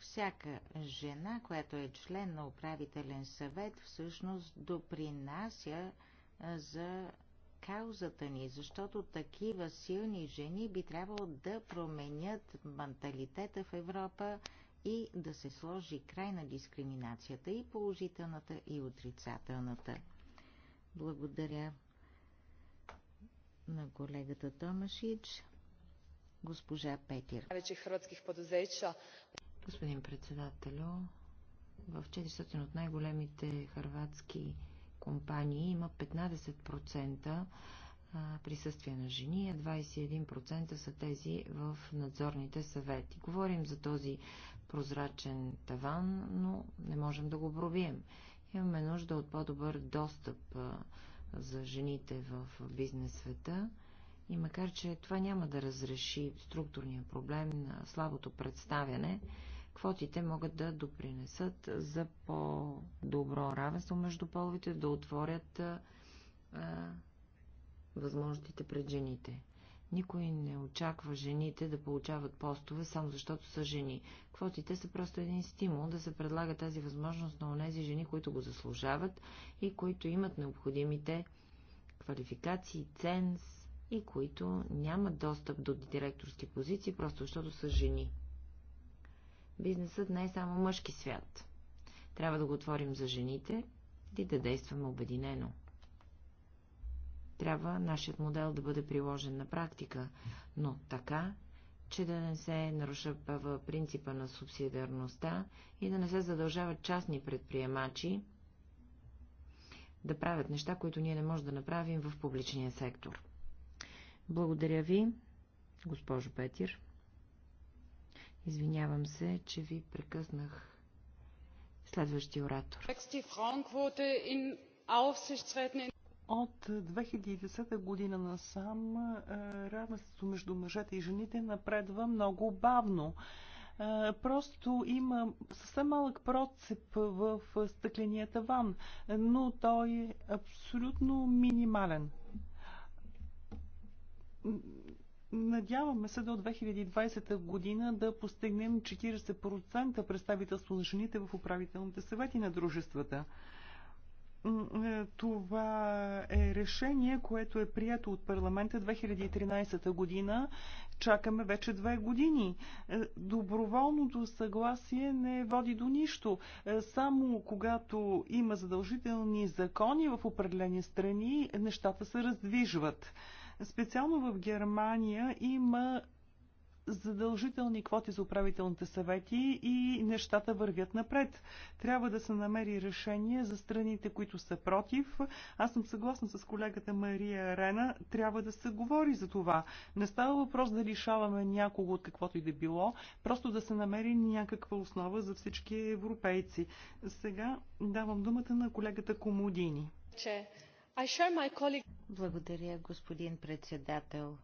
[SPEAKER 3] Всяка жена, която е член на управителен съвет, всъщност допринася е, за каузата ни, защото такива силни жени би трябвало да променят менталитета в Европа и да се сложи край на дискриминацията и положителната и отрицателната. Благодаря на колегата Томашич, госпожа Петир. Господин председателю, в
[SPEAKER 4] 400 от най-големите хрватски компании има 15% присъствие на жени, а 21% са тези в надзорните съвети. Говорим за този прозрачен таван, но не можем да го пробием. Имаме нужда от по-добър достъп за жените в бизнес света и макар, че това няма да разреши структурния проблем на слабото представяне, квотите могат да допринесат за по-добро равенство между половите, да отворят възможностите пред жените. Никой не очаква жените да получават постове, само защото са жени. Квотите са просто един стимул да се предлага тази възможност на онези жени, които го заслужават и които имат необходимите квалификации, ценз и които нямат достъп до директорски позиции, просто защото са жени. Бизнесът не е само мъжки свят. Трябва да го отворим за жените и да действаме обединено. Трябва нашият модел да бъде приложен на практика, но така, че да не се нарушава принципа на субсидиарността и да не се задължават частни предприемачи да правят неща, които ние не можем да направим в публичния сектор. Благодаря ви, госпожо Петир. Извинявам се, че ви прекъснах. Следващия оратор.
[SPEAKER 2] От 2010 година насам е, равенството между мъжете и жените напредва много бавно. Е, просто има съвсем малък процеп в стъкления таван, но той е абсолютно минимален. Надяваме се до 2020 година да постигнем 40% представителство на жените в управителните съвети на дружествата. Е, това е решение, което е прието от парламента 2013 година. Чакаме вече две години. Е, доброволното съгласие не води до нищо. Е, само когато има задължителни закони в определени страни, нещата се раздвижват. Специално в Германия има задължителни квоти за управителните съвети и нещата вървят напред. Трябва да се намери решение за страните, които са против. Аз съм съгласна с колегата Мария Рена. Трябва да се говори за това. Не става въпрос да лишаваме някого от каквото и да било, просто да се намери някаква основа за всички европейци. Сега давам думата на колегата Комодини.
[SPEAKER 3] Благодаря, господин председател.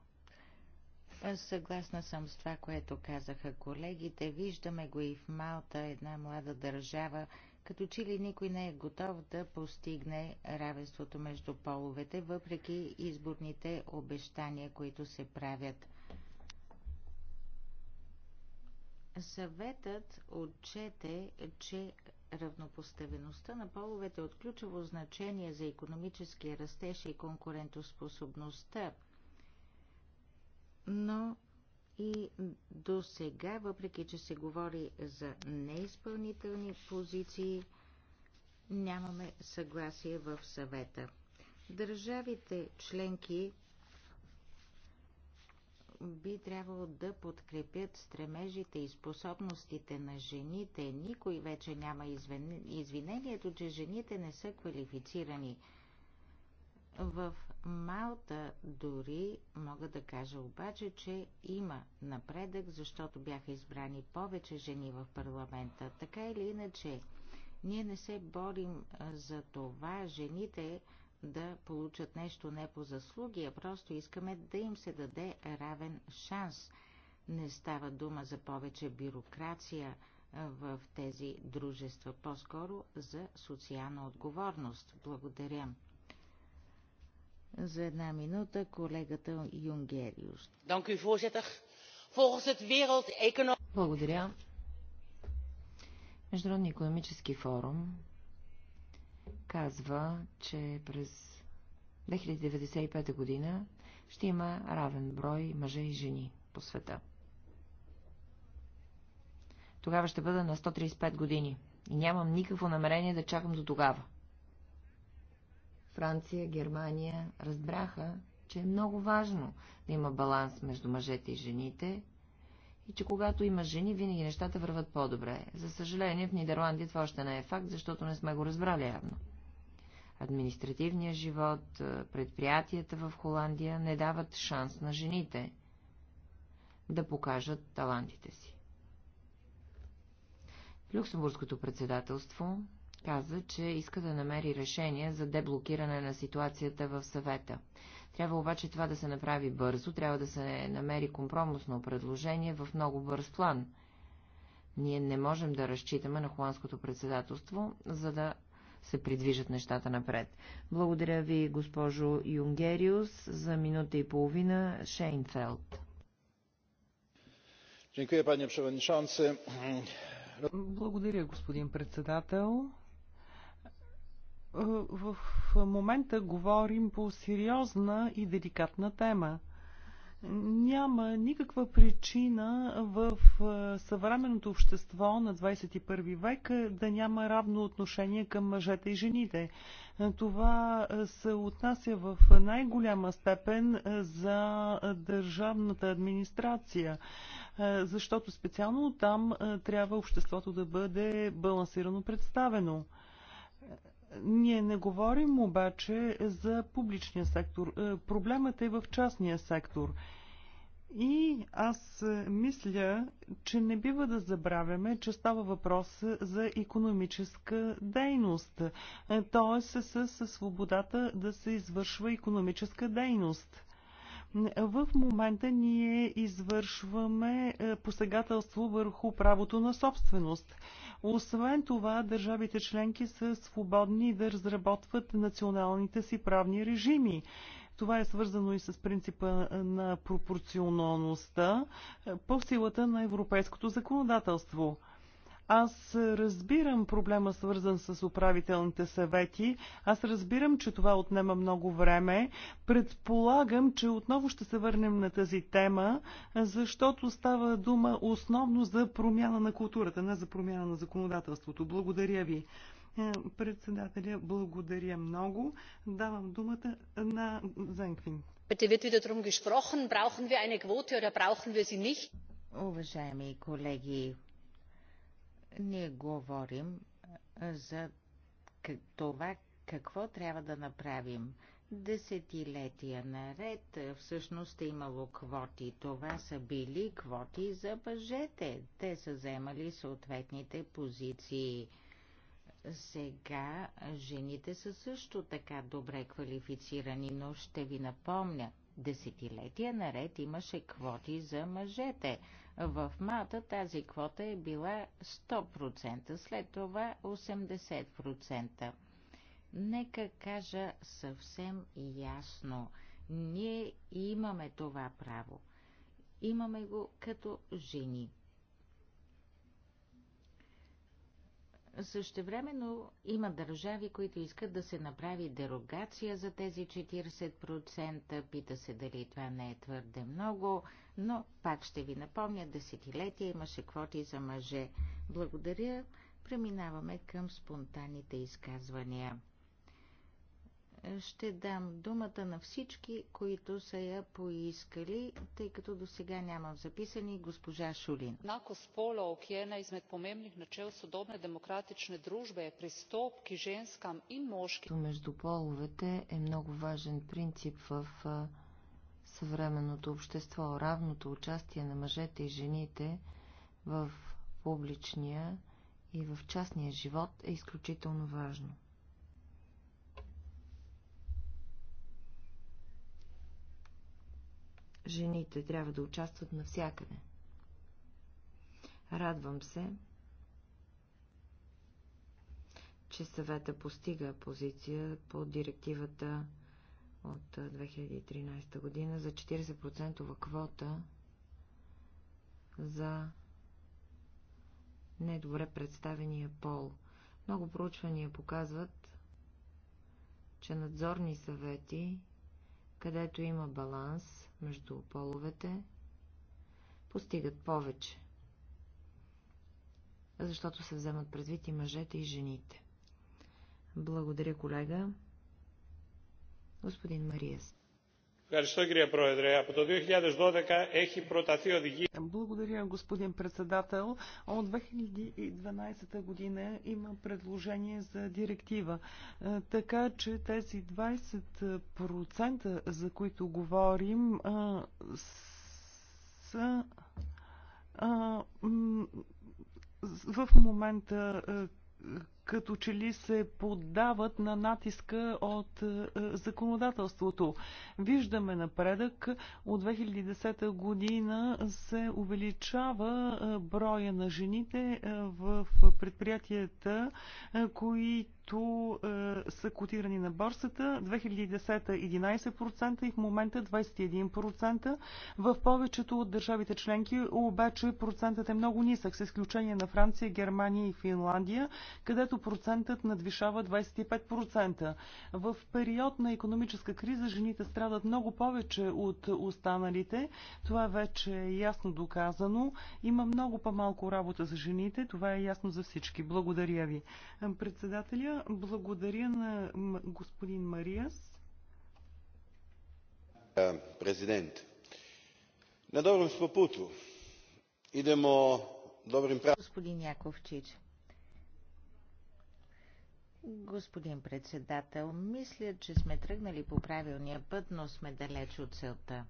[SPEAKER 3] Съгласна съм с това, което казаха колегите. Виждаме го и в Малта, една млада държава, като че ли никой не е готов да постигне равенството между половете, въпреки изборните обещания, които се правят. Съветът отчете, че равнопоставеността на половете е от ключово значение за економическия растеж и конкурентоспособността – но и до сега, въпреки че се говори за неизпълнителни позиции, нямаме съгласие в съвета. Държавите членки би трябвало да подкрепят стремежите и способностите на жените. Никой вече няма извинението, че жените не са квалифицирани. В Малта дори мога да кажа обаче, че има напредък, защото бяха избрани повече жени в парламента. Така или иначе, ние не се борим за това жените да получат нещо не по заслуги, а просто искаме да им се даде равен шанс. Не става дума за повече бюрокрация в тези дружества, по-скоро за социална отговорност. Благодаря. За една минута колегата Юнгериус. Благодаря. Международния економически форум
[SPEAKER 4] казва, че през 2095 година ще има равен брой мъже и жени по света. Тогава ще бъда на 135 години и нямам никакво намерение да чакам до тогава. Франция, Германия разбраха, че е много важно да има баланс между мъжете и жените и че когато има жени, винаги нещата върват по-добре. За съжаление, в Нидерландия това още не е факт, защото не сме го разбрали явно. Административният живот, е, предприятията в Холандия не дават шанс на жените да покажат талантите си. Люксембургското председателство каза, че иска да намери решение за деблокиране на ситуацията в съвета. Трябва обаче това да се направи бързо, трябва да се намери компромисно предложение в много бърз план. Ние не можем да разчитаме на холандското председателство, за да се придвижат нещата напред. Благодаря ви, госпожо Юнгериус, за минута и половина Шейнфелд.
[SPEAKER 3] Благодаря,
[SPEAKER 2] господин председател в момента говорим по сериозна и деликатна тема. Няма никаква причина в съвременното общество на 21 век да няма равно отношение към мъжете и жените. Това се отнася в най-голяма степен за държавната администрация, защото специално там трябва обществото да бъде балансирано представено. Ние не говорим обаче за публичния сектор. Е, проблемът е в частния сектор. И аз е, мисля, че не бива да забравяме, че става въпрос за економическа дейност, е, Тоест, с свободата да се извършва економическа дейност. В момента ние извършваме е, посегателство върху правото на собственост. Освен това, държавите членки са свободни да разработват националните си правни режими. Това е свързано и с принципа на пропорционалността е, по силата на европейското законодателство. Аз разбирам проблема свързан с управителните съвети. Аз разбирам, че това отнема много време. Предполагам, че отново ще се върнем на тази тема, защото става дума основно за промяна на културата, не за промяна на законодателството. Благодаря ви. Е, председателя, благодаря много. Давам думата на
[SPEAKER 3] Зенквин. Уважаеми колеги, ние говорим за това какво трябва да направим. Десетилетия наред всъщност е имало квоти. Това са били квоти за мъжете. Те са заемали съответните позиции. Сега жените са също така добре квалифицирани, но ще ви напомня. Десетилетия наред имаше квоти за мъжете. В Малта тази квота е била 100%, след това 80%. Нека кажа съвсем ясно. Ние имаме това право. Имаме го като жени. Същевременно има държави, които искат да се направи дерогация за тези 40%. Пита се дали това не е твърде много, но пак ще ви напомня, десетилетия имаше квоти за мъже. Благодаря. Преминаваме към спонтанните изказвания ще дам думата на всички, които са я поискали, тъй като до сега нямам записани госпожа Шулин.
[SPEAKER 4] Нако сполов, ki je ena помемних pomembnih судобна демократична дружба е je ки женскам и мошки. Между половете е много важен принцип в съвременното общество. Равното участие на мъжете и жените в публичния и в частния живот е изключително важно. Жените трябва да участват навсякъде. Радвам се, че съвета постига позиция по директивата от 2013 година за 40% квота за недобре представения пол. Много проучвания показват, че надзорни съвети, където има баланс, между половете постигат повече, защото се вземат предвид и мъжете и жените. Благодаря, колега. Господин Мариест.
[SPEAKER 2] Благодаря, господин председател. От 2012 година има предложение за директива. Е, така че тези 20%, за които говорим, е, са е, в момента като че ли се поддават на натиска от е, законодателството. Виждаме напредък. От 2010 година се увеличава е, броя на жените е, в предприятията, които които са котирани на борсата. 2010 11% и в момента 21%. В повечето от държавите членки обаче процентът е много нисък, с изключение на Франция, Германия и Финландия, където процентът надвишава 25%. В период на економическа криза жените страдат много повече от останалите. Това вече е ясно доказано. Има много по-малко работа за жените. Това е ясно за всички. Благодаря ви. Председателя, благодаря на господин Мариас.
[SPEAKER 3] Е, президент, na dobrom Идемо добрим idemo Господин Яковчич. Господин председател, мисля, че сме тръгнали по правилния път, но сме далеч от целта.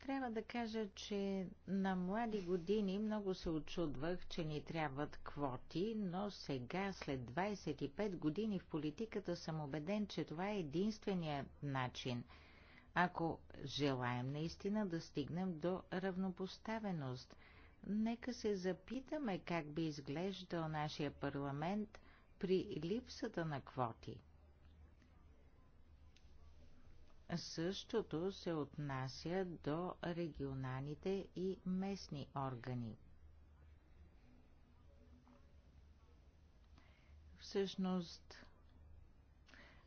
[SPEAKER 3] Трябва да кажа, че на млади години много се очудвах, че ни трябват квоти, но сега, след 25 години в политиката, съм убеден, че това е единствения начин, ако желаем наистина да стигнем до равнопоставеност – Нека се запитаме как би изглеждал нашия парламент при липсата на квоти. Същото се отнася до регионалните и местни органи. Всъщност,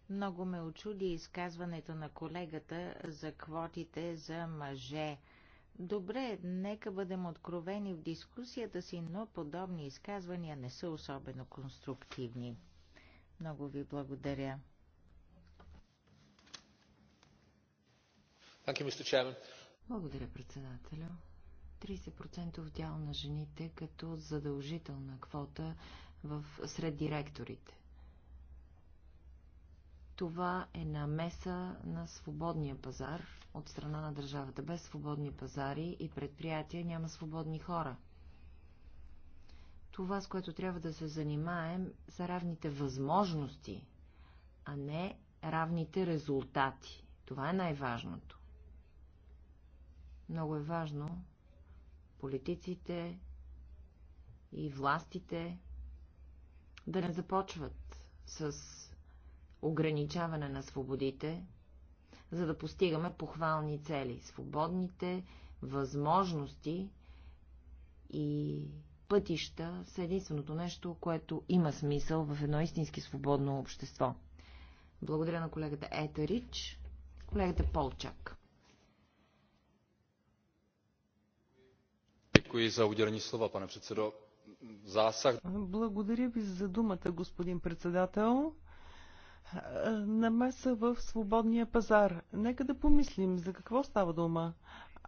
[SPEAKER 3] много ме очуди изказването на колегата за квотите за мъже – Добре, нека бъдем откровени в дискусията си, но подобни изказвания не са особено конструктивни. Много ви благодаря. Благодаря, председателю.
[SPEAKER 4] 30% дял на жените като задължителна квота в, сред директорите. Това е намеса на свободния пазар от страна на държавата. Без свободни пазари и предприятия няма свободни хора. Това, с което трябва да се занимаем, са равните възможности, а не равните резултати. Това е най-важното. Много е важно политиците и властите да не започват с ограничаване на свободите, за да постигаме похвални цели. Свободните възможности и пътища са единственото нещо, което има смисъл в едно истински свободно общество. Благодаря на колегата Рич, колегата Полчак.
[SPEAKER 2] Благодаря ви за думата, господин председател намеса в свободния пазар. Нека да помислим за какво става дума.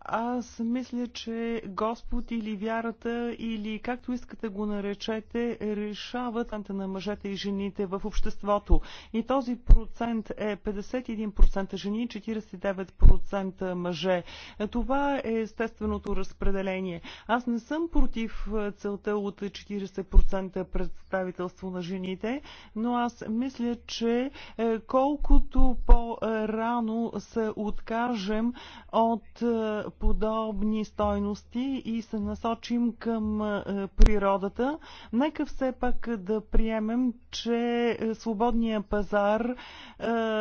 [SPEAKER 2] Аз мисля, че Господ или вярата, или както искате го наречете, решават на мъжете и жените в обществото. И този процент е 51% жени, 49% мъже. Това е естественото разпределение. Аз не съм против целта от 40% представителство на жените, но аз мисля, че е, колкото по-рано се откажем от е, подобни стойности и се насочим към е, природата, нека все пак да приемем, че е, свободния пазар е,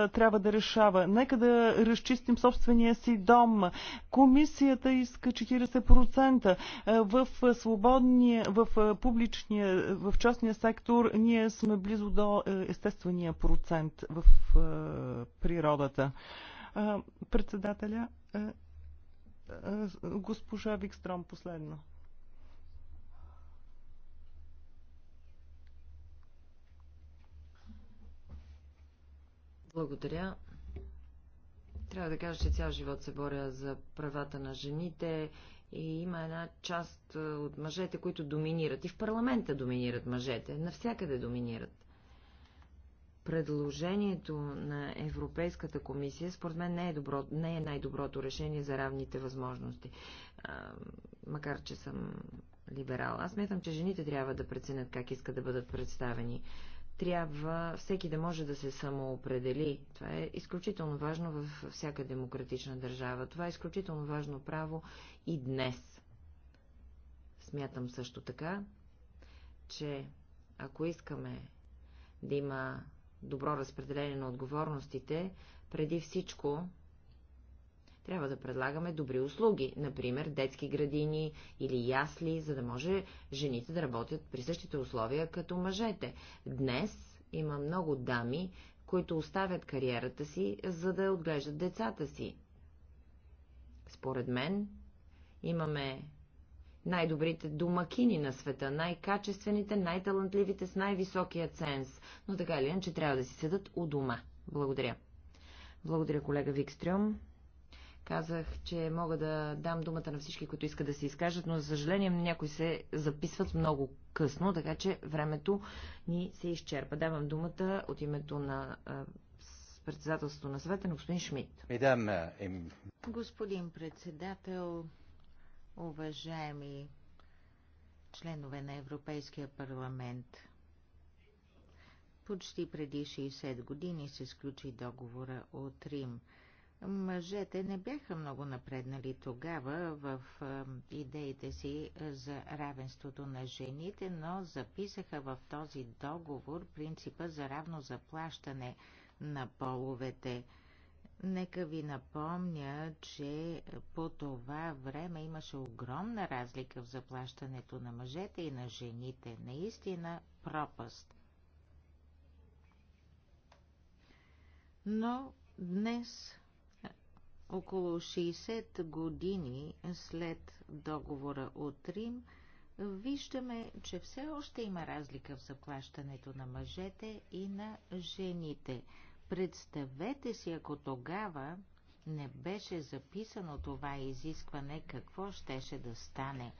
[SPEAKER 2] трябва да решава. Нека да разчистим собствения си дом. Комисията иска 40%. В свободния, в публичния, в частния сектор ние сме близо до естествения процент в природата. Председателя е, госпожа Викстром последно. Благодаря.
[SPEAKER 4] Трябва да кажа, че цял живот се боря за правата на жените и има една част е, от мъжете, които доминират. И в парламента доминират мъжете. Навсякъде доминират предложението на Европейската комисия, според мен, не е, добро, не е най-доброто решение за равните възможности. А, макар, че съм либерал. Аз мятам, че жените трябва да преценят как искат да бъдат представени. Трябва всеки да може да се самоопредели. Това е изключително важно във всяка демократична държава. Това е изключително важно право и днес. Смятам също така, че ако искаме да има добро разпределение на отговорностите, преди всичко трябва да предлагаме добри услуги, например детски градини или ясли, за да може жените да работят при същите условия като мъжете. Днес има много дами, които оставят кариерата си, за да отглеждат децата си. Според мен имаме най-добрите домакини на света, най-качествените, най-талантливите с най-високия ценз. Но така или че трябва да си седат у дома. Благодаря. Благодаря, колега Викстрюм. Казах, че мога да дам думата на всички, които искат да се изкажат, но за съжаление някои се записват много късно, така че времето ни се изчерпа. Давам думата от името на председателството на съвета на господин Шмидт.
[SPEAKER 3] Euh, господин председател, уважаеми членове на Европейския парламент. Почти преди 60 години се сключи договора от Рим. Мъжете не бяха много напреднали тогава в идеите си за равенството на жените, но записаха в този договор принципа за равно заплащане на половете – Нека ви напомня, че по това време имаше огромна разлика в заплащането на мъжете и на жените. Наистина пропаст. Но днес, около 60 години след договора от Рим, виждаме, че все още има разлика в заплащането на мъжете и на жените – Представете си, ако тогава не беше записано това изискване, какво щеше да стане.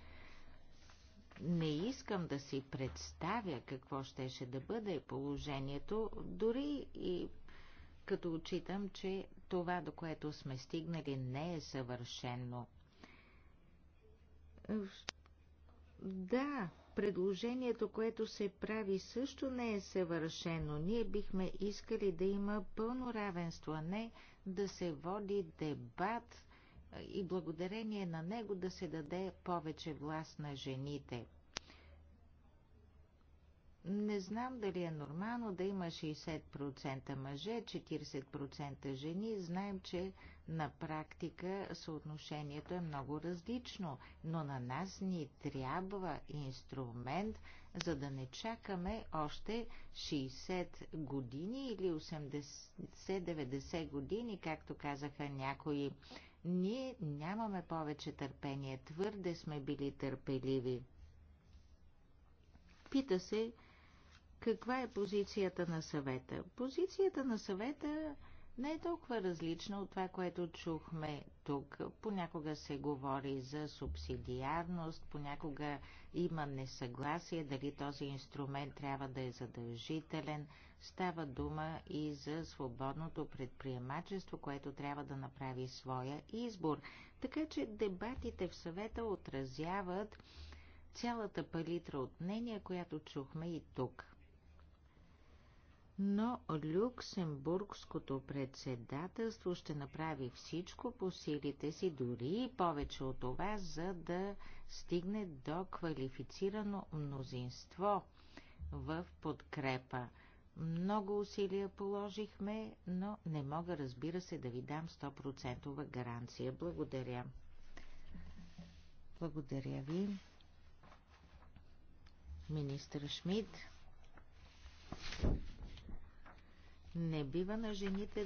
[SPEAKER 3] Не искам да си представя какво щеше да бъде положението, дори и като учитам, че това, до което сме стигнали, не е съвършено. Да, Предложението, което се прави, също не е съвършено. Ние бихме искали да има пълно равенство, а не да се води дебат и благодарение на него да се даде повече власт на жените. Не знам дали е нормално да има 60% мъже, 40% жени. Знаем, че на практика съотношението е много различно, но на нас ни трябва инструмент, за да не чакаме още 60 години или 80-90 години, както казаха някои. Ние нямаме повече търпение, твърде сме били търпеливи. Пита се, каква е позицията на съвета? Позицията на съвета е не е толкова различна от това, което чухме тук. Понякога се говори за субсидиарност, понякога има несъгласие дали този инструмент трябва да е задължителен. Става дума и за свободното предприемачество, което трябва да направи своя избор. Така че дебатите в съвета отразяват цялата палитра от мнения, която чухме и тук но Люксембургското председателство ще направи всичко по силите си, дори и повече от това, за да стигне до квалифицирано мнозинство в подкрепа. Много усилия положихме, но не мога, разбира се, да ви дам 100% гаранция. Благодаря. Благодаря ви, министър Шмидт. Не бива на жените